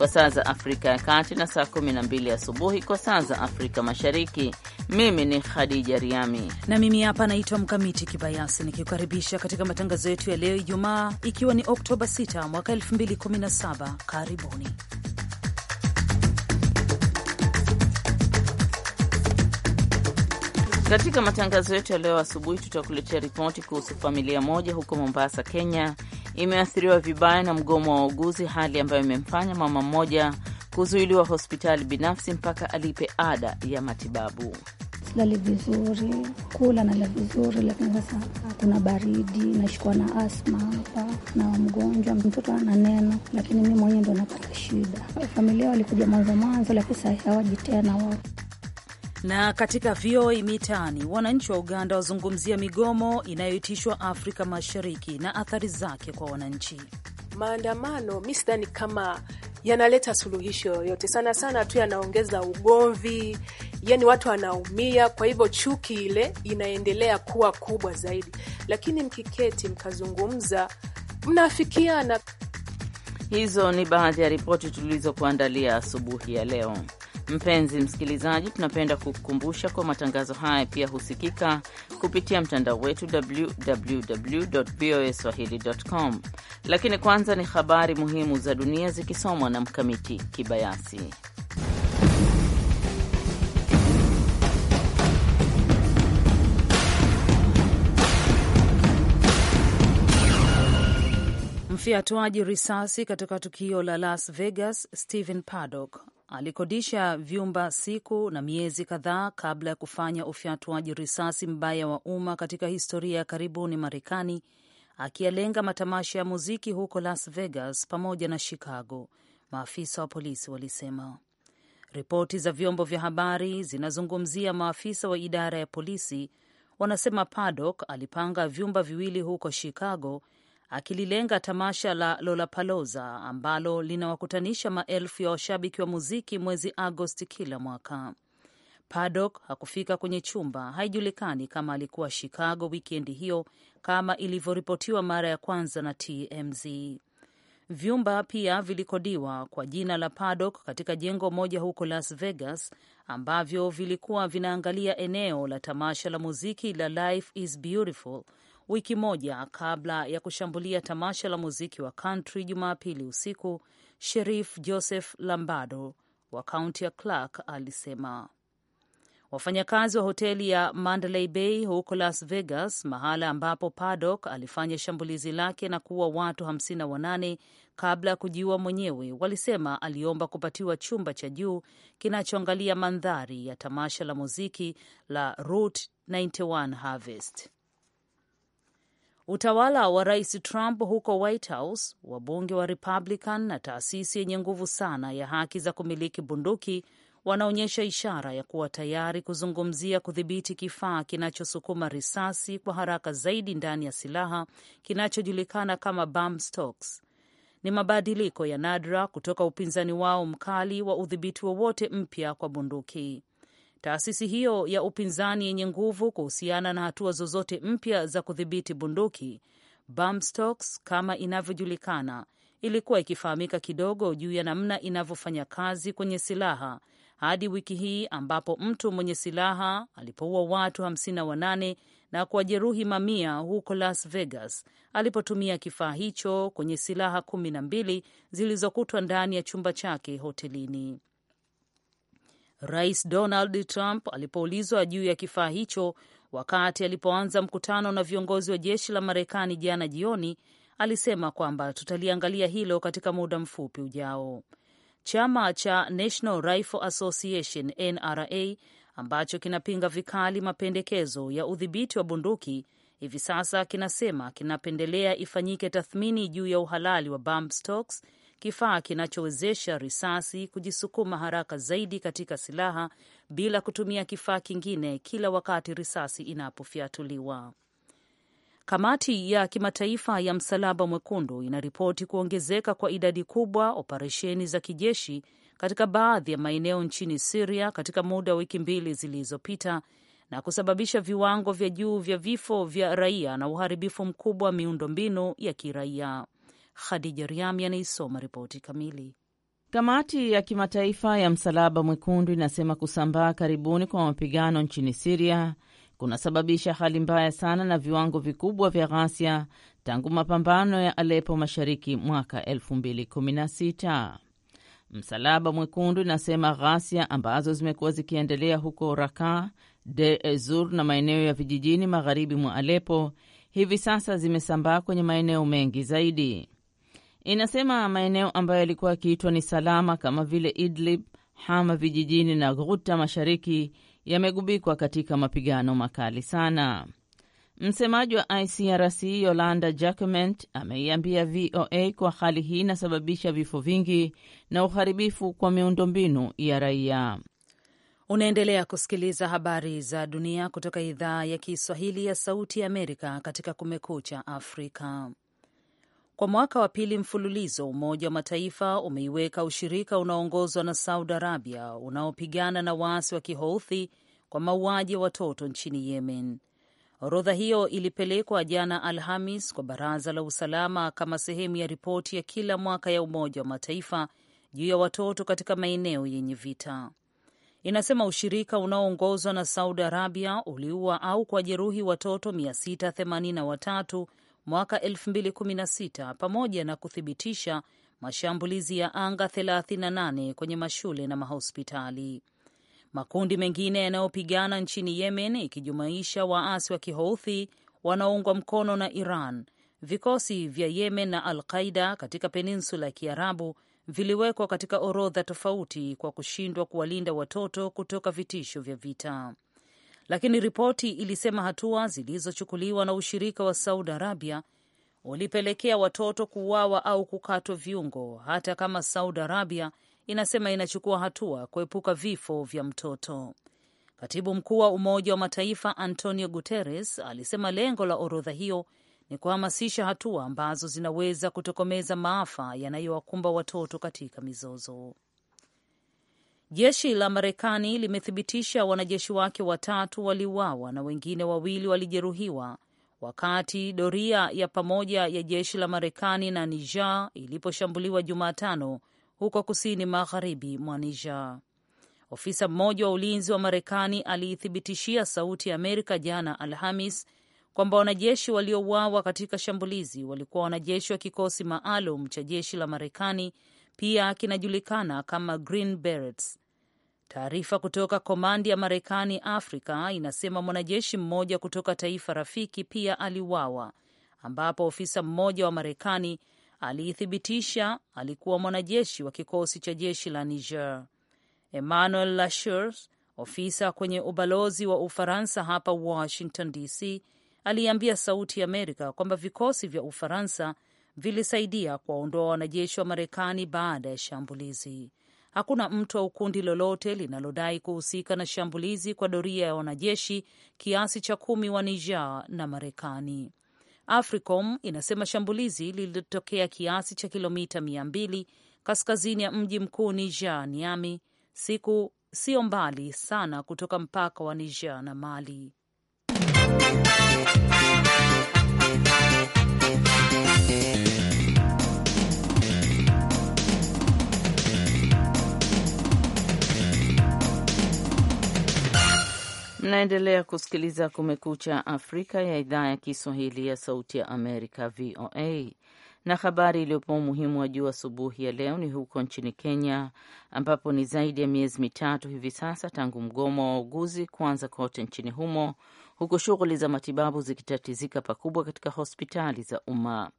kwa saa za Afrika ya Kati na saa mbili asubuhi kwa saa za Afrika Mashariki. Mimi ni Khadija Riami na mimi hapa naitwa Mkamiti Kibayasi nikikukaribisha katika matangazo yetu ya leo Ijumaa, ikiwa ni Oktoba 6 mwaka 2017. Karibuni Katika matangazo yetu ya leo asubuhi, tutakuletea ripoti kuhusu familia moja huko Mombasa, Kenya, imeathiriwa vibaya na mgomo wa wauguzi, hali ambayo imemfanya mama mmoja kuzuiliwa hospitali binafsi mpaka alipe ada ya matibabu. Silali vizuri, kula nala vizuri, lakini sasa kuna baridi, nashikwa na asma hapa na mgonjwa, mtoto ana neno, lakini mi mwenyewe ndo napata shida. Familia walikuja mwanzo mwanzo, lakini sahi hawaji tena wao na katika VOA Mitaani, wananchi wa Uganda wazungumzia migomo inayoitishwa Afrika Mashariki na athari zake kwa wananchi. Maandamano mi sidhani kama yanaleta suluhisho yoyote, sana sana tu yanaongeza ugomvi, yani watu wanaumia. Kwa hivyo chuki ile inaendelea kuwa kubwa zaidi, lakini mkiketi mkazungumza, mnafikiana. Hizo ni baadhi ya ripoti tulizokuandalia asubuhi ya leo. Mpenzi msikilizaji, tunapenda kukukumbusha kwa matangazo haya pia husikika kupitia mtandao wetu www voa swahili com. Lakini kwanza ni habari muhimu za dunia zikisomwa na Mkamiti Kibayasi. Mfiatuaji risasi katika tukio la Las Vegas Stephen Paddock alikodisha vyumba siku na miezi kadhaa kabla ya kufanya ufyatuaji risasi mbaya wa umma katika historia ya karibuni Marekani, akiyalenga matamasha ya muziki huko Las Vegas pamoja na Chicago, maafisa wa polisi walisema. Ripoti za vyombo vya habari zinazungumzia maafisa wa idara ya polisi wanasema Paddock alipanga vyumba viwili huko Chicago akililenga tamasha la Lollapalooza ambalo linawakutanisha maelfu ya washabiki wa muziki mwezi Agosti kila mwaka. Paddock hakufika kwenye chumba. Haijulikani kama alikuwa Chicago wikendi hiyo kama ilivyoripotiwa mara ya kwanza na TMZ. Vyumba pia vilikodiwa kwa jina la Paddock katika jengo moja huko Las Vegas, ambavyo vilikuwa vinaangalia eneo la tamasha la muziki la Life is Beautiful wiki moja kabla ya kushambulia tamasha la muziki wa country Jumapili usiku. Sherif Joseph lambado wa kaunti ya Clark alisema wafanyakazi wa hoteli ya Mandalay Bay huko Las Vegas, mahala ambapo Paddock alifanya shambulizi lake na kuua watu 58 kabla ya kujiua mwenyewe, walisema aliomba kupatiwa chumba cha juu kinachoangalia mandhari ya tamasha la muziki la Route 91 Harvest. Utawala wa Rais Trump huko White House, wabunge wa Republican na taasisi yenye nguvu sana ya haki za kumiliki bunduki wanaonyesha ishara ya kuwa tayari kuzungumzia kudhibiti kifaa kinachosukuma risasi kwa haraka zaidi ndani ya silaha kinachojulikana kama bump stocks. Ni mabadiliko ya nadra kutoka upinzani wao mkali wa udhibiti wowote mpya kwa bunduki taasisi hiyo ya upinzani yenye nguvu kuhusiana na hatua zozote mpya za kudhibiti bunduki. Bump stocks kama inavyojulikana, ilikuwa ikifahamika kidogo juu ya namna inavyofanya kazi kwenye silaha hadi wiki hii ambapo mtu mwenye silaha alipoua watu 58 na kuwajeruhi mamia huko Las Vegas alipotumia kifaa hicho kwenye silaha kumi na mbili zilizokutwa ndani ya chumba chake hotelini. Rais Donald Trump alipoulizwa juu ya kifaa hicho wakati alipoanza mkutano na viongozi wa jeshi la Marekani jana jioni, alisema kwamba tutaliangalia hilo katika muda mfupi ujao. Chama cha National Rifle Association NRA ambacho kinapinga vikali mapendekezo ya udhibiti wa bunduki hivi sasa kinasema kinapendelea ifanyike tathmini juu ya uhalali wa bump stocks kifaa kinachowezesha risasi kujisukuma haraka zaidi katika silaha bila kutumia kifaa kingine kila wakati risasi inapofyatuliwa. Kamati ya Kimataifa ya Msalaba Mwekundu inaripoti kuongezeka kwa idadi kubwa operesheni za kijeshi katika baadhi ya maeneo nchini Siria katika muda wa wiki mbili zilizopita na kusababisha viwango vya juu vya vifo vya raia na uharibifu mkubwa wa miundombinu ya kiraia. Khadija Riami anaisoma ripoti kamili. Kamati ya Kimataifa ya Msalaba Mwekundu inasema kusambaa karibuni kwa mapigano nchini Siria kunasababisha hali mbaya sana na viwango vikubwa vya ghasia tangu mapambano ya Alepo mashariki mwaka 2016. Msalaba Mwekundu inasema ghasia ambazo zimekuwa zikiendelea huko Raka, Deir ez na maeneo ya vijijini magharibi mwa Alepo hivi sasa zimesambaa kwenye maeneo mengi zaidi inasema maeneo ambayo yalikuwa yakiitwa ni salama kama vile Idlib, Hama vijijini na Ghuta mashariki yamegubikwa katika mapigano makali sana. Msemaji wa ICRC Yolanda Jacquement ameiambia VOA kwa hali hii inasababisha vifo vingi na uharibifu kwa miundombinu ya raia. Unaendelea kusikiliza habari za dunia kutoka idhaa ya Kiswahili ya Sauti ya Amerika katika Kumekucha Afrika. Kwa mwaka wa pili mfululizo, Umoja wa Mataifa umeiweka ushirika unaoongozwa na Saudi Arabia unaopigana na waasi wa Kihouthi kwa mauaji ya watoto nchini Yemen. Orodha hiyo ilipelekwa jana Alhamis kwa Baraza la Usalama kama sehemu ya ripoti ya kila mwaka ya Umoja wa Mataifa juu ya watoto katika maeneo yenye vita. Inasema ushirika unaoongozwa na Saudi Arabia uliua au kuwajeruhi watoto 683 mwaka 2016 pamoja na kuthibitisha mashambulizi ya anga 38 kwenye mashule na mahospitali. Makundi mengine yanayopigana nchini Yemen ikijumuisha waasi wa Kihouthi wanaoungwa mkono na Iran, vikosi vya Yemen na Al Qaida katika peninsula ya Kiarabu viliwekwa katika orodha tofauti kwa kushindwa kuwalinda watoto kutoka vitisho vya vita lakini ripoti ilisema hatua zilizochukuliwa na ushirika wa Saudi Arabia ulipelekea watoto kuuawa au kukatwa viungo, hata kama Saudi Arabia inasema inachukua hatua kuepuka vifo vya mtoto. Katibu mkuu wa Umoja wa Mataifa Antonio Guterres alisema lengo la orodha hiyo ni kuhamasisha hatua ambazo zinaweza kutokomeza maafa yanayowakumba watoto katika mizozo. Jeshi la Marekani limethibitisha wanajeshi wake watatu waliuawa na wengine wawili walijeruhiwa wakati doria ya pamoja ya jeshi la Marekani na Niger iliposhambuliwa Jumatano huko kusini magharibi mwa Niger. Ofisa mmoja wa ulinzi wa Marekani aliithibitishia Sauti ya Amerika jana Alhamis kwamba wanajeshi waliouawa katika shambulizi walikuwa wanajeshi wa kikosi maalum cha jeshi la Marekani, pia kinajulikana kama Green Berets Taarifa kutoka komandi ya Marekani Afrika inasema mwanajeshi mmoja kutoka taifa rafiki pia aliuawa, ambapo ofisa mmoja wa Marekani aliithibitisha alikuwa mwanajeshi wa kikosi cha jeshi la Niger. Emmanuel Lashurs, ofisa kwenye ubalozi wa Ufaransa hapa Washington DC, aliambia Sauti ya Amerika kwamba vikosi vya Ufaransa vilisaidia kuwaondoa wanajeshi wa Marekani baada ya shambulizi. Hakuna mtu au kundi lolote linalodai kuhusika na shambulizi kwa doria ya wanajeshi kiasi cha kumi wa Niger na Marekani. AFRICOM inasema shambulizi lililotokea kiasi cha kilomita mia mbili kaskazini ya mji mkuu Niger, niami siku sio mbali sana kutoka mpaka wa Niger na Mali. Mnaendelea kusikiliza Kumekucha Afrika ya idhaa ya Kiswahili ya Sauti ya Amerika, VOA. Na habari iliyopewa umuhimu wa juu asubuhi ya leo ni huko nchini Kenya, ambapo ni zaidi ya miezi mitatu hivi sasa tangu mgomo wa wauguzi kuanza kote nchini humo, huku shughuli za matibabu zikitatizika pakubwa katika hospitali za umma.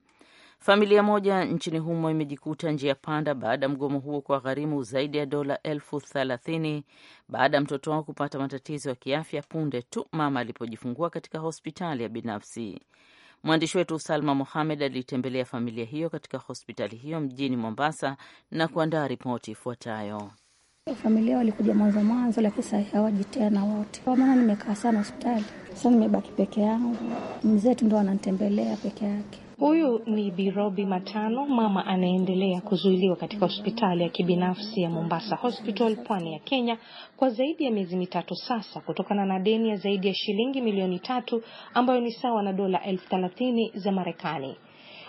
Familia moja nchini humo imejikuta njia panda baada ya mgomo huo kwa gharimu zaidi ya dola elfu thelathini baada ya mtoto wao kupata matatizo ya kiafya punde tu mama alipojifungua katika hospitali ya binafsi. Mwandishi wetu Salma Mohamed aliitembelea familia hiyo katika hospitali hiyo mjini Mombasa na kuandaa ripoti ifuatayo. Familia walikuja mwanzo mwanzo, lakini sahi hawaji tena wote, kwa maana nimekaa sana hospitali. sa nimebaki peke yangu, tu ndo anantembelea peke yake. Huyu ni Birobi Matano, mama anaendelea kuzuiliwa katika hospitali ya kibinafsi ya Mombasa Hospital, pwani ya Kenya, kwa zaidi ya miezi mitatu sasa kutokana na deni ya zaidi ya shilingi milioni tatu ambayo ni sawa na dola elfu thelathini za Marekani.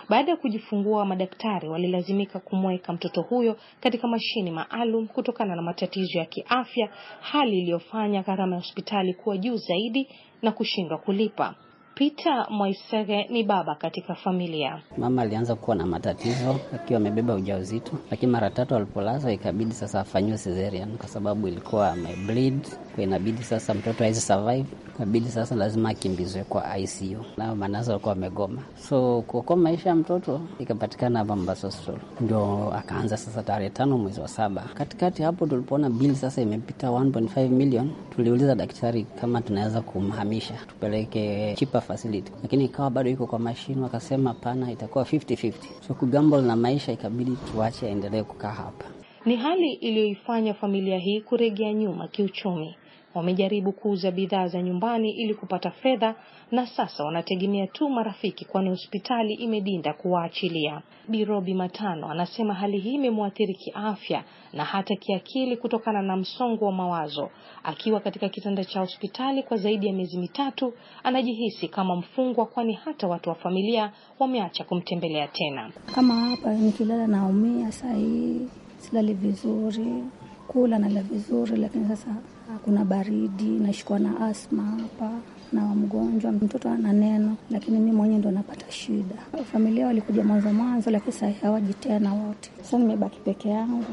Baada ya kujifungua, madaktari walilazimika kumweka mtoto huyo katika mashine maalum kutokana na matatizo ya kiafya, hali iliyofanya gharama ya hospitali kuwa juu zaidi na kushindwa kulipa. Peter Mwaisege ni baba katika familia. Mama alianza kuwa na matatizo akiwa amebeba ujauzito, lakini mara tatu alipolazwa ikabidi sasa afanyiwe cesarean kwa sababu ilikuwa amebleed, kwa inabidi sasa mtoto aweze survive, ikabidi sasa lazima akimbizwe kwa ICU, na manazo alikuwa amegoma. So kuokoa maisha ya mtoto ikapatikana hapa Mombasa Hospital, ndio akaanza sasa tarehe tano mwezi wa saba. Katikati hapo tulipoona bili sasa imepita 1.5 million, tuliuliza daktari kama tunaweza kumhamisha tupeleke chipa facility, lakini ikawa bado iko kwa mashine. Wakasema pana itakuwa 50-50. So kugamble na maisha, ikabidi tuache aendelee kukaa hapa. Ni hali iliyoifanya familia hii kuregea nyuma kiuchumi. Wamejaribu kuuza bidhaa za nyumbani ili kupata fedha na sasa wanategemea tu marafiki, kwani hospitali imedinda kuwaachilia. Birobi Matano anasema hali hii imemwathiri kiafya na hata kiakili kutokana na msongo wa mawazo. Akiwa katika kitanda cha hospitali kwa zaidi ya miezi mitatu, anajihisi kama mfungwa, kwani hata watu wa familia wameacha kumtembelea tena. Kama hapa nikilala naumia, saa hii silali vizuri, kula nala vizuri, lakini sasa kuna baridi, nashikwa na asma hapa na mgonjwa mtoto ana neno, lakini mi mwenyewe ndo napata shida. Familia walikuja mwanzo mwanzo, lakini sahii hawaji tena wote, so nimebaki peke yangu.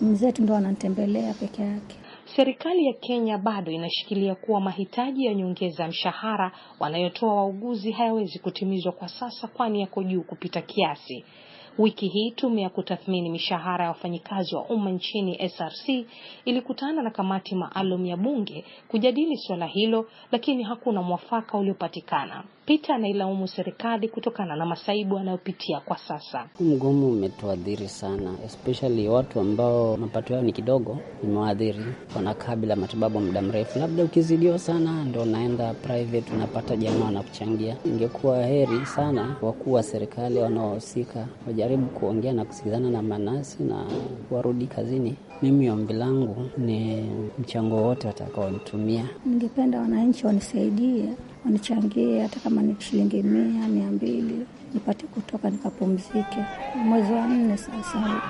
Mzee tu ndo ananitembelea peke yake. Serikali ya Kenya bado inashikilia kuwa mahitaji ya nyongeza ya mshahara wanayotoa wauguzi hayawezi kutimizwa kwa sasa, kwani yako juu kupita kiasi. Wiki hii tume ya kutathmini mishahara ya wafanyikazi wa umma nchini SRC ilikutana na kamati maalum ya bunge kujadili suala hilo, lakini hakuna mwafaka uliopatikana. Peter anailaumu serikali kutokana na masaibu anayopitia kwa sasa. Mgomo umetuadhiri sana, especially watu ambao mapato yao ni kidogo, imewaadhiri. Wanakaa bila matibabu muda mrefu, labda ukizidiwa sana ndo unaenda private, unapata jamaa wanakuchangia. Ingekuwa heri sana wakuu wa serikali wanaohusika waja kujaribu kuongea na kusikizana na manasi na warudi kazini. Mimi ombi langu ni mchango wote watakaonitumia, ningependa wananchi wanisaidie, wanichangie hata kama ni shilingi mia, mia mbili, nipate kutoka nikapumzike. Mwezi wa nne sasa.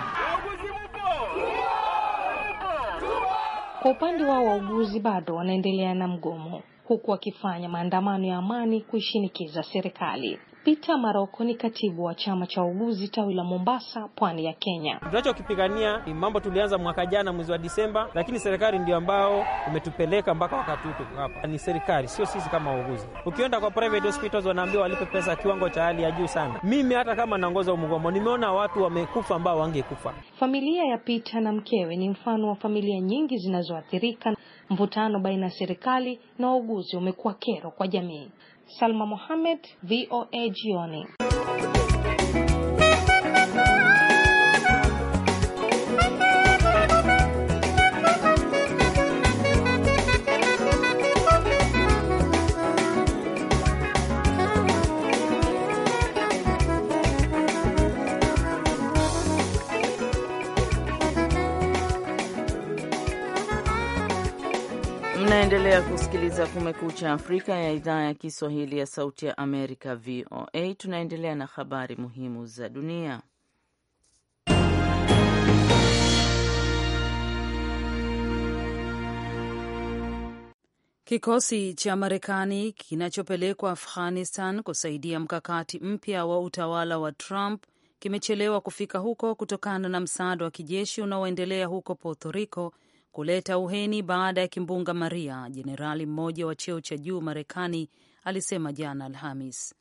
Kwa upande wao wauguzi bado wanaendelea na mgomo huku wakifanya maandamano ya amani kuishinikiza serikali. Peter Maroko ni katibu wa chama cha uguzi tawi la Mombasa, pwani ya Kenya. Tunachokipigania ni mambo tulianza mwaka jana mwezi wa Disemba, lakini serikali ndio ambao imetupeleka mpaka wakati huu hapa. Ni serikali, sio sisi kama wauguzi. Ukienda kwa private hospitals wanaambiwa walipe pesa kiwango cha hali ya juu sana. Mimi hata kama naongoza mgomo, nimeona watu wamekufa ambao wangekufa. Familia ya Peter na mkewe ni mfano wa familia nyingi zinazoathirika. Mvutano baina ya serikali na wauguzi umekuwa kero kwa jamii. Salma Mohamed, VOA Jioni. naendelea kusikiliza Kumekucha Afrika ya idhaa ya Kiswahili ya Sauti ya Amerika, VOA. Tunaendelea na habari muhimu za dunia. Kikosi cha Marekani kinachopelekwa Afghanistan kusaidia mkakati mpya wa utawala wa Trump kimechelewa kufika huko kutokana na msaada wa kijeshi unaoendelea huko Puerto Rico kuleta uheni baada ya kimbunga Maria, jenerali mmoja wa cheo cha juu Marekani alisema jana Alhamis.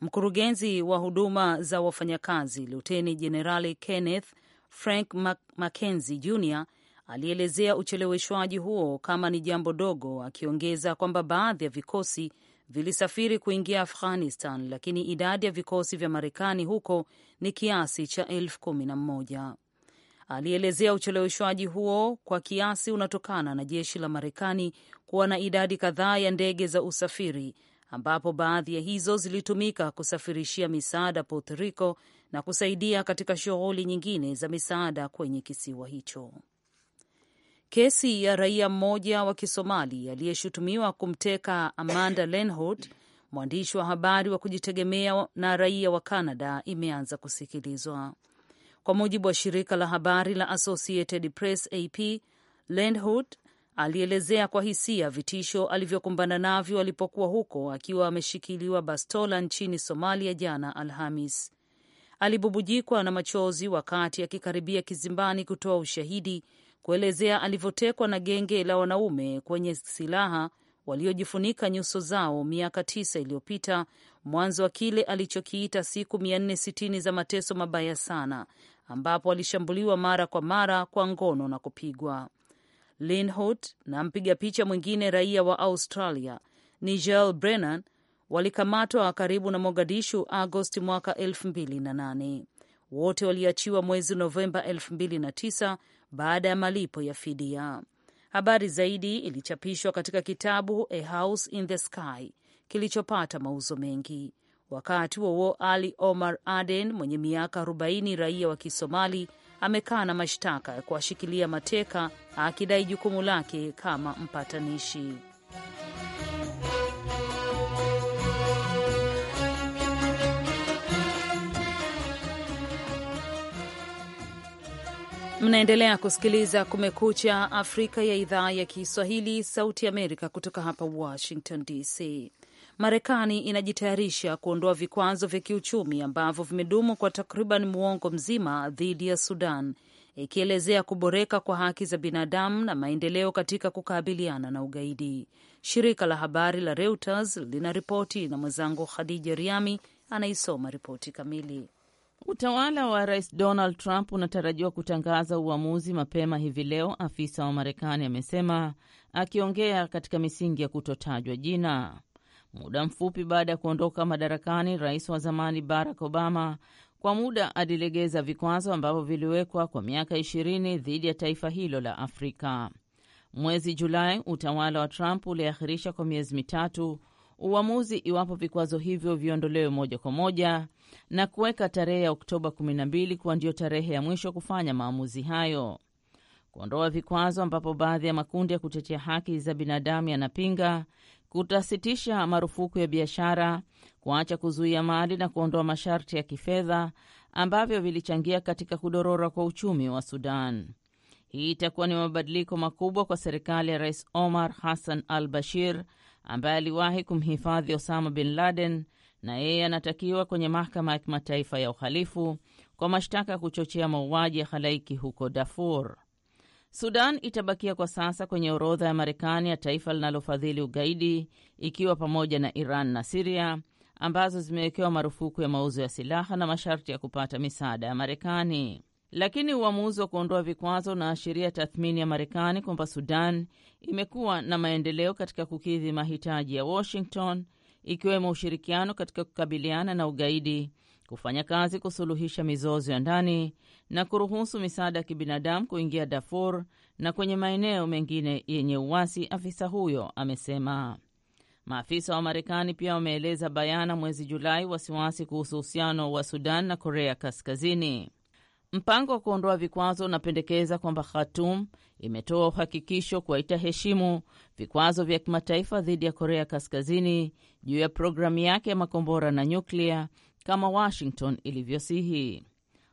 Mkurugenzi wa huduma za wafanyakazi luteni jenerali Kenneth Frank mackenzi Jr alielezea ucheleweshwaji huo kama ni jambo dogo, akiongeza kwamba baadhi ya vikosi vilisafiri kuingia Afghanistan, lakini idadi ya vikosi vya Marekani huko ni kiasi cha elfu kumi na Alielezea ucheleweshwaji huo kwa kiasi unatokana na jeshi la Marekani kuwa na idadi kadhaa ya ndege za usafiri ambapo baadhi ya hizo zilitumika kusafirishia misaada Puerto Rico na kusaidia katika shughuli nyingine za misaada kwenye kisiwa hicho. Kesi ya raia mmoja wa Kisomali aliyeshutumiwa kumteka Amanda lenhot mwandishi wa habari wa kujitegemea na raia wa Canada, imeanza kusikilizwa. Kwa mujibu wa shirika la habari la Associated Press AP, Landhout alielezea kwa hisia vitisho alivyokumbana navyo alipokuwa huko akiwa ameshikiliwa bastola nchini Somalia jana Alhamis. Alibubujikwa na machozi wakati akikaribia kizimbani kutoa ushahidi kuelezea alivyotekwa na genge la wanaume kwenye silaha waliojifunika nyuso zao miaka tisa iliyopita, mwanzo wa kile alichokiita siku 460 za mateso mabaya sana ambapo alishambuliwa mara kwa mara kwa ngono na kupigwa. linhot na mpiga picha mwingine raia wa Australia Nigel Brennan walikamatwa karibu na Mogadishu Agosti mwaka 2008. Wote waliachiwa mwezi Novemba 2009 baada ya malipo ya fidia. Habari zaidi ilichapishwa katika kitabu A House in the Sky kilichopata mauzo mengi. Wakati huo Ali Omar Aden mwenye miaka 40, raia wa Kisomali, amekaa na mashtaka ya kuwashikilia mateka akidai jukumu lake kama mpatanishi. Mnaendelea kusikiliza Kumekucha Afrika ya idhaa ya Kiswahili, Sauti Amerika, kutoka hapa Washington DC. Marekani inajitayarisha kuondoa vikwazo vya kiuchumi ambavyo vimedumu kwa takriban muongo mzima dhidi ya Sudan, ikielezea kuboreka kwa haki za binadamu na maendeleo katika kukabiliana na ugaidi. Shirika la habari la Reuters ripoti na mwenzangu Khadija Riami anaisoma ripoti kamili. Utawala wa Rais Donald Trump unatarajiwa kutangaza uamuzi mapema hivi leo, afisa wa Marekani amesema akiongea katika misingi ya kutotajwa jina muda mfupi baada ya kuondoka madarakani rais wa zamani Barack Obama kwa muda alilegeza vikwazo ambavyo viliwekwa kwa miaka ishirini dhidi ya taifa hilo la Afrika. Mwezi Julai, utawala wa Trump uliahirisha kwa miezi mitatu uamuzi iwapo vikwazo hivyo viondolewe moja kwa moja na kuweka tarehe ya Oktoba 12 kuwa ndiyo tarehe ya mwisho kufanya maamuzi hayo. Kuondoa vikwazo ambapo baadhi ya makundi ya kutetea haki za binadamu yanapinga kutasitisha marufuku ya biashara, kuacha kuzuia mali na kuondoa masharti ya kifedha ambavyo vilichangia katika kudorora kwa uchumi wa Sudan. Hii itakuwa ni mabadiliko makubwa kwa serikali ya Rais Omar Hassan al Bashir ambaye aliwahi kumhifadhi Osama bin Laden na yeye anatakiwa kwenye mahakama ya kimataifa ya uhalifu kwa mashtaka ya kuchochea mauaji ya halaiki huko Darfur. Sudan itabakia kwa sasa kwenye orodha ya Marekani ya taifa linalofadhili ugaidi ikiwa pamoja na Iran na Siria ambazo zimewekewa marufuku ya mauzo ya silaha na masharti ya kupata misaada ya Marekani. Lakini uamuzi wa kuondoa vikwazo unaashiria tathmini ya Marekani kwamba Sudan imekuwa na maendeleo katika kukidhi mahitaji ya Washington, ikiwemo ushirikiano katika kukabiliana na ugaidi kufanya kazi kusuluhisha mizozo ya ndani na kuruhusu misaada ya kibinadamu kuingia Darfur na kwenye maeneo mengine yenye uwasi afisa huyo amesema. Maafisa wa Marekani pia wameeleza bayana mwezi Julai wasiwasi kuhusu uhusiano wa Sudan na Korea Kaskazini. Mpango wa kuondoa vikwazo unapendekeza kwamba Khartoum imetoa uhakikisho kuwa itaheshimu vikwazo vya kimataifa dhidi ya Korea Kaskazini juu ya programu yake ya makombora na nyuklia kama Washington ilivyosihi.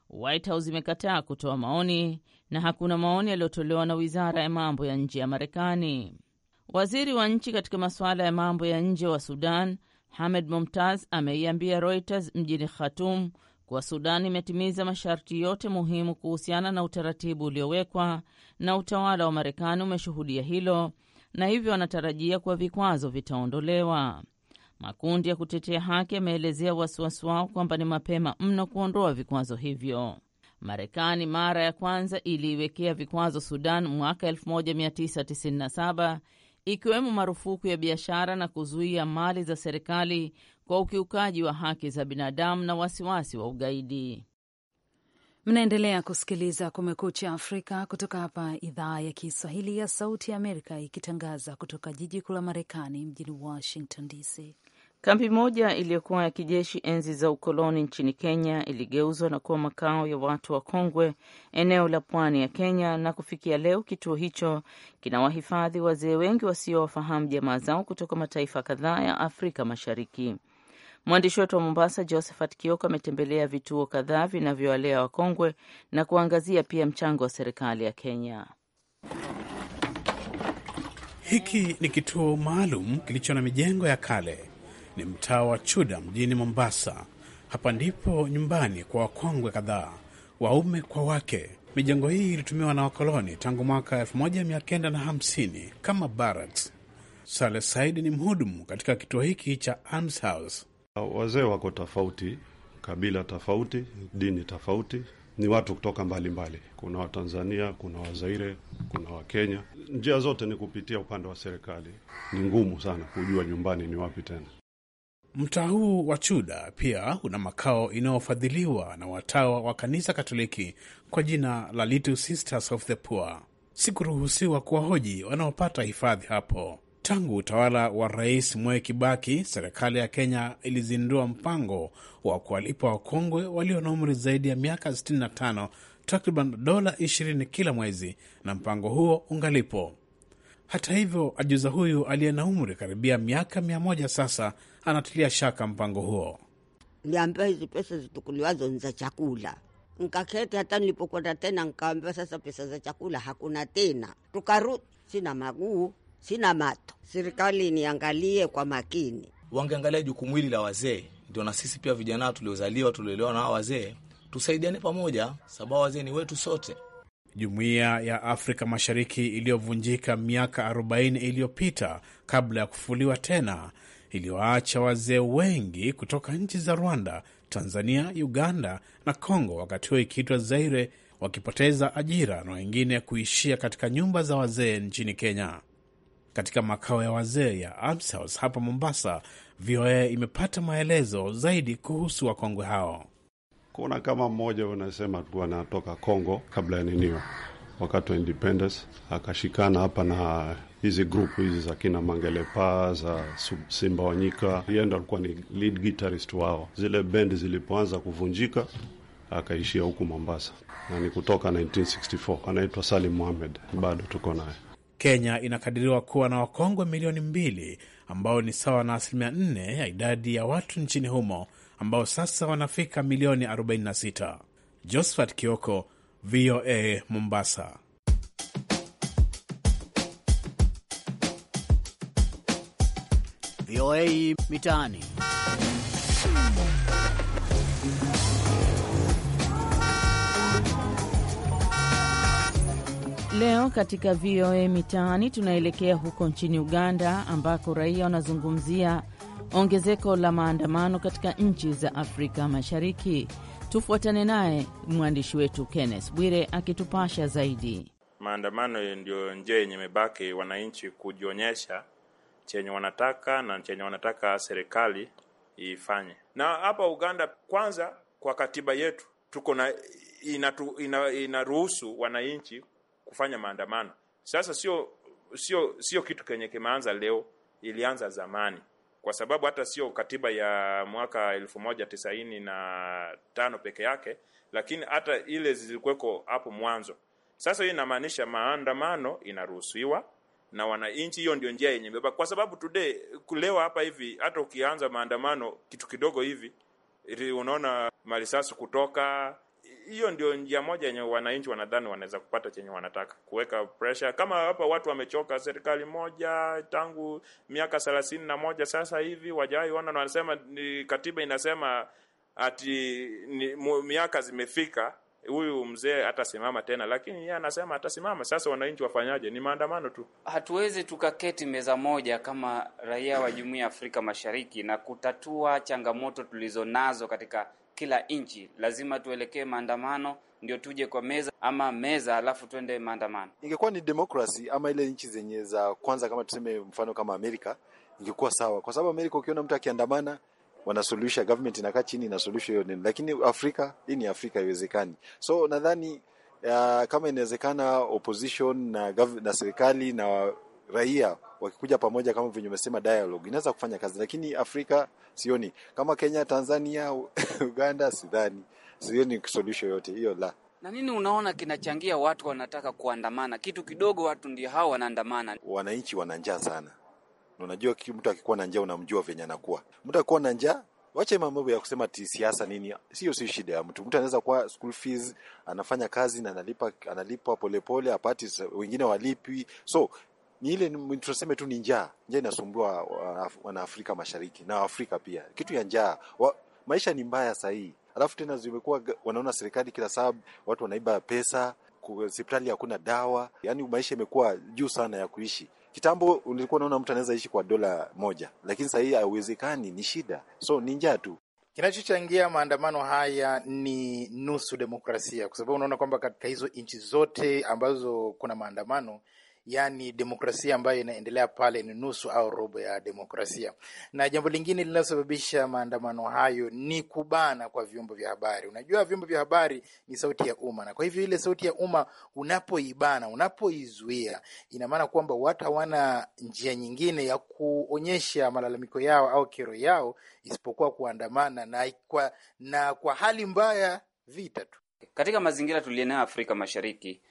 White House imekataa kutoa maoni na hakuna maoni yaliyotolewa na wizara ya mambo ya nje ya Marekani. Waziri wa nchi katika masuala ya mambo ya nje wa Sudan, Hamed Momtaz, ameiambia Reuters mjini Khartoum kuwa Sudan imetimiza masharti yote muhimu kuhusiana na utaratibu uliowekwa na utawala wa Marekani umeshuhudia hilo na hivyo anatarajia kuwa vikwazo vitaondolewa. Makundi ya kutetea haki yameelezea wasiwasi wao kwamba ni mapema mno kuondoa vikwazo hivyo. Marekani mara ya kwanza iliiwekea vikwazo Sudan mwaka 1997 ikiwemo marufuku ya biashara na kuzuia mali za serikali kwa ukiukaji wa haki za binadamu na wasiwasi wa ugaidi. Mnaendelea kusikiliza Kumekucha Afrika kutoka hapa idhaa ya Kiswahili ya Sauti ya Amerika, ikitangaza kutoka jiji kuu la Marekani, mjini Washington DC. Kambi moja iliyokuwa ya kijeshi enzi za ukoloni nchini Kenya iligeuzwa na kuwa makao ya watu wa kongwe eneo la pwani ya Kenya, na kufikia leo kituo hicho kina wahifadhi wazee wengi wasiowafahamu jamaa zao kutoka mataifa kadhaa ya Afrika Mashariki. Mwandishi wetu wa Mombasa, Josephat Kioko, ametembelea vituo kadhaa vinavyowalea wakongwe na kuangazia pia mchango wa serikali ya Kenya. Hiki ni kituo maalum kilicho na mijengo ya kale. Ni mtaa wa Chuda mjini Mombasa. Hapa ndipo nyumbani kwa wakongwe kadhaa, waume kwa wake. Mijengo hii ilitumiwa na wakoloni tangu mwaka 1950 kama barracks. Sale Said ni mhudumu katika kituo hiki cha Almshouse. Wazee wako tofauti, kabila tofauti, dini tofauti, ni watu kutoka mbalimbali mbali. Kuna Watanzania, kuna Wazaire, kuna Wakenya. Njia zote ni kupitia upande wa serikali. Ni ngumu sana kujua nyumbani ni wapi tena. Mtaa huu wa Chuda pia una makao inayofadhiliwa na watawa wa kanisa Katoliki kwa jina la Little Sisters of the Poor. Sikuruhusiwa kuwahoji wanaopata hifadhi hapo, Tangu utawala wa Rais Mwai Kibaki, serikali ya Kenya ilizindua mpango wa kuwalipa wakongwe walio na umri zaidi ya miaka 65 takriban dola 20 kila mwezi, na mpango huo ungalipo. Hata hivyo, ajuza huyu aliye na umri karibia miaka 1 sasa anatilia shaka mpango huo. Niambiwa hizi pesa zitukuliwazo ni za chakula Nkaketi hata nilipokwenda tena, nkaambiwa sasa pesa za chakula hakuna tena. Tukarudi, sina maguu sina mato. Serikali niangalie kwa makini, wangeangalia jukumu hili la wazee, ndio na sisi pia vijana tuliozaliwa, tuliolewa na wazee, tusaidiane pamoja, sababu wazee ni wetu sote. Jumuiya ya Afrika Mashariki iliyovunjika miaka 40 iliyopita kabla ya kufufuliwa tena iliwaacha wazee wengi kutoka nchi za Rwanda, Tanzania, Uganda na Kongo, wakati huo ikiitwa Zaire, wakipoteza ajira na no wengine kuishia katika nyumba za wazee nchini Kenya katika makao ya wazee ya Arms House hapa Mombasa. VOA imepata maelezo zaidi kuhusu wakongwe hao. Kuna kama mmoja unasema tu anatoka Congo kabla ya ninio, wakati wa independence akashikana hapa na hizi grupu hizi za kina Mangelepa za Simba Wanyika, yeye ndo alikuwa ni lead guitarist wao. Zile bendi zilipoanza kuvunjika akaishia huku Mombasa na ni kutoka 1964 anaitwa Salim Muhamed, bado tuko naye. Kenya inakadiriwa kuwa na wakongwe milioni mbili ambao ni sawa na asilimia 4 ya idadi ya watu nchini humo ambao sasa wanafika milioni 46. Josephat Kioko, VOA Mombasa. VOA Mitaani. Leo katika VOA Mitaani tunaelekea huko nchini Uganda, ambako raia wanazungumzia ongezeko la maandamano katika nchi za Afrika Mashariki. Tufuatane naye mwandishi wetu Kenneth Bwire akitupasha zaidi. Maandamano ndiyo njia yenye mebaki wananchi kujionyesha chenye wanataka na chenye wanataka serikali ifanye. Na hapa Uganda, kwanza, kwa katiba yetu tuko na inaruhusu ina, ina wananchi kufanya maandamano. Sasa sio sio sio kitu kenye kimeanza leo, ilianza zamani, kwa sababu hata sio katiba ya mwaka elfu moja tisaini na tano peke yake, lakini hata ile zilikuweko hapo mwanzo. Sasa hii inamaanisha maandamano inaruhusiwa na wananchi. Hiyo ndio njia yenye mbeba, kwa sababu today leo hapa hivi, hata ukianza maandamano kitu kidogo hivi, unaona marisasi kutoka hiyo ndio njia moja yenye wananchi wanadhani wanaweza kupata chenye wanataka, kuweka pressure. Kama hapa watu wamechoka serikali moja tangu miaka thelathini na moja sasa hivi wajawahi ona, na wanasema ni katiba inasema ati ni, miaka zimefika huyu mzee hatasimama tena, lakini yeye anasema atasimama. Sasa wananchi wafanyaje? Ni maandamano tu. Hatuwezi tukaketi meza moja kama raia wa Jumuiya ya Afrika Mashariki na kutatua changamoto tulizonazo katika kila nchi lazima tuelekee maandamano, ndio tuje kwa meza ama meza, alafu twende maandamano. Ingekuwa ni demokrasi ama ile nchi zenye za kwanza, kama tuseme mfano kama Amerika, ingekuwa sawa, kwa sababu Amerika ukiona mtu akiandamana wanasuluhisha, government inakaa chini inasuluhisha hiyo nini. Lakini Afrika hii ni Afrika, haiwezekani. So nadhani uh, kama inawezekana opposition na, na serikali na raia wakikuja pamoja kama vile umesema dialogue inaweza kufanya kazi, lakini Afrika sioni kama Kenya, Tanzania, Uganda sidhani, sioni solution yote hiyo la. Na nini unaona kinachangia watu wanataka kuandamana? Kitu kidogo watu ndio hao wanaandamana. Wananchi wana njaa sana. Unajua mtu akikuwa na njaa unamjua venye anakuwa. Mtu akikuwa na njaa Wacha mambo ya kusema ti siasa nini, sio si shida ya mtu. Mtu anaweza kuwa school fees anafanya kazi na analipa analipwa polepole, apati wengine walipi, so ni ile tuseme tu ni njaa. Njaa inasumbua wanaafrika Mashariki na afrika pia, kitu ya njaa wa, maisha ni mbaya sahii, alafu tena zimekuwa wanaona serikali kila sababu, watu wanaiba pesa, hospitali hakuna dawa, yaani maisha imekuwa juu sana ya kuishi. Kitambo ulikuwa unaona mtu anaweza ishi kwa dola moja, lakini sahii haiwezekani, ni shida, so ni njaa tu. Kinachochangia maandamano haya ni nusu demokrasia, kwa sababu unaona kwamba katika hizo nchi zote ambazo kuna maandamano yaani demokrasia ambayo inaendelea pale ni nusu au robo ya demokrasia. Na jambo lingine linalosababisha maandamano hayo ni kubana kwa vyombo vya habari. Unajua, vyombo vya habari ni sauti ya umma, na kwa hivyo ile sauti ya umma unapoibana, unapoizuia, ina maana kwamba watu hawana njia nyingine ya kuonyesha malalamiko yao au kero yao isipokuwa kuandamana na kwa, na kwa hali mbaya vita tu. Katika mazingira tuliyonayo Afrika Mashariki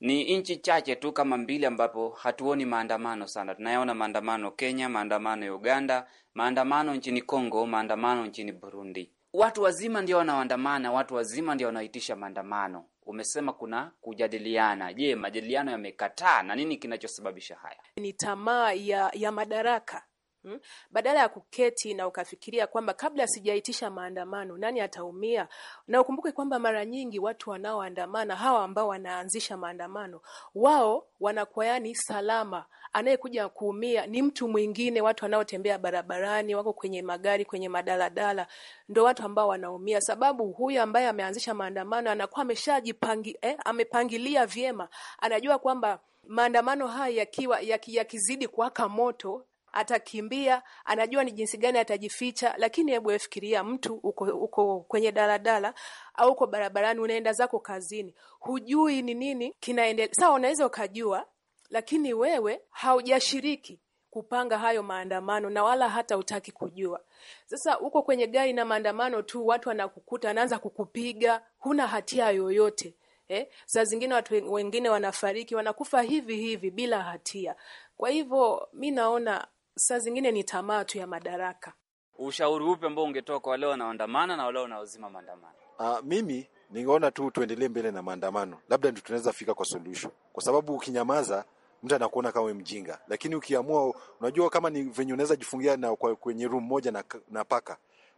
ni nchi chache tu kama mbili ambapo hatuoni maandamano sana. Tunayaona maandamano Kenya, maandamano ya Uganda, maandamano nchini Kongo, maandamano nchini Burundi. Watu wazima ndio wanaoandamana, watu wazima ndio wanaoitisha maandamano. Umesema kuna kujadiliana. Je, majadiliano yamekataa na nini kinachosababisha haya? Ni tamaa ya, ya madaraka Hmm? Badala ya kuketi na ukafikiria kwamba kabla sijaitisha maandamano nani ataumia, na ukumbuke kwamba mara nyingi watu wanaoandamana hawa ambao wanaanzisha maandamano wao wanakuwa yani salama, anayekuja kuumia ni mtu mwingine, watu wanaotembea barabarani, wako kwenye magari, kwenye madaladala, ndo watu ambao wanaumia, sababu huyu ambaye ameanzisha maandamano anakuwa ameshajipangi eh, amepangilia vyema, anajua kwamba maandamano haya yakiwa yakizidi yaki kuwaka moto atakimbia, anajua ni jinsi gani atajificha. Lakini hebu efikiria, mtu uko, uko kwenye daladala au uko barabarani, unaenda zako kazini, hujui ni nini kinaendelea. Sawa, unaweza ukajua, lakini wewe haujashiriki kupanga hayo maandamano na wala hata utaki kujua. Sasa uko kwenye gari na maandamano tu, watu wanakukuta, anaanza kukupiga, huna hatia yoyote eh? Saa zingine watu wengine wanafariki, wanakufa hivi hivi bila hatia. Kwa hivyo mi naona saa zingine ni tamaa tu ya madaraka. Ushauri upi ambao ungetoa kwa wale wanaoandamana na wale wanaozima maandamano? Uh, mimi ningeona tu tuendelee mbele na maandamano, labda ndio tunaweza fika kwa solution, kwa sababu ukinyamaza mtu anakuona kama mjinga, lakini ukiamua, unajua kama ni venye unaweza jifungia na kwenye room moja na, na paka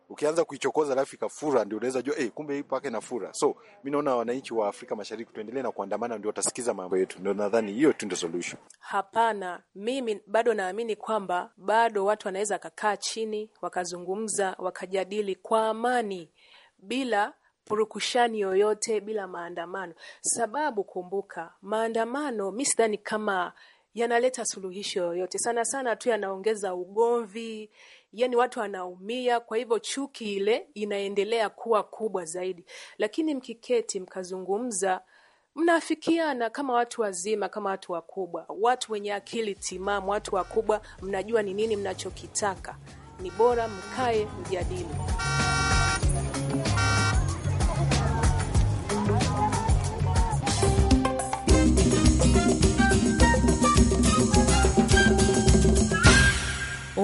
ukianza kuichokoza alafu ikafura, ndio unaweza jua eh, kumbe hii pake na fura. So mimi naona wananchi wa Afrika Mashariki tuendelee na kuandamana, ndio watasikiza mambo yetu. Ndio nadhani hiyo tu ndio solution. Hapana, mimi bado naamini kwamba bado watu wanaweza kakaa chini wakazungumza, wakajadili kwa amani bila purukushani yoyote, bila maandamano, sababu kumbuka, maandamano mi sidhani kama yanaleta suluhisho yoyote, sana sana tu yanaongeza ugomvi, yani watu wanaumia. Kwa hivyo chuki ile inaendelea kuwa kubwa zaidi, lakini mkiketi mkazungumza mnaafikiana kama watu wazima, kama watu wakubwa, watu wenye akili timamu, watu wakubwa, mnajua ni nini mnachokitaka, ni bora mkae mjadili.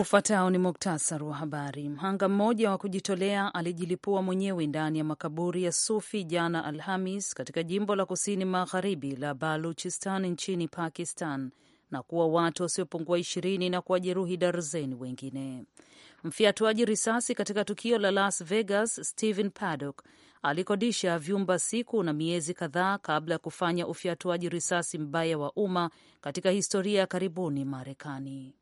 Ufuatao ni muktasari wa habari. Mhanga mmoja wa kujitolea alijilipua mwenyewe ndani ya makaburi ya Sufi jana Alhamis katika jimbo la kusini magharibi la Baluchistan nchini Pakistan na kuwa watu wasiopungua ishirini na kuwajeruhi darzeni wengine. Mfiatuaji risasi katika tukio la Las Vegas, Stephen Paddock alikodisha vyumba siku na miezi kadhaa kabla ya kufanya ufiatuaji risasi mbaya wa umma katika historia ya karibuni Marekani.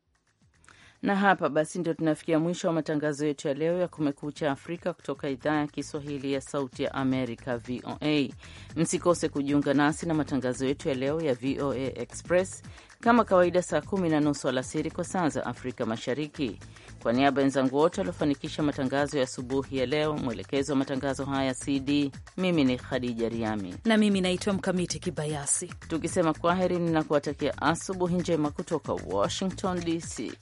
Na hapa basi ndio tunafikia mwisho wa matangazo yetu ya leo ya Kumekucha Afrika kutoka idhaa ya Kiswahili ya Sauti ya Amerika, VOA. Msikose kujiunga nasi na matangazo yetu ya leo ya VOA Express kama kawaida, saa kumi na nusu alasiri kwa saa za Afrika Mashariki. Kwa niaba ya wenzangu wote waliofanikisha matangazo ya asubuhi ya leo, mwelekezo wa matangazo haya CD, mimi ni Khadija Riami na mimi naitwa Mkamiti Kibayasi, tukisema kwaheri ninakuwatakia asubuhi njema kutoka Washington DC.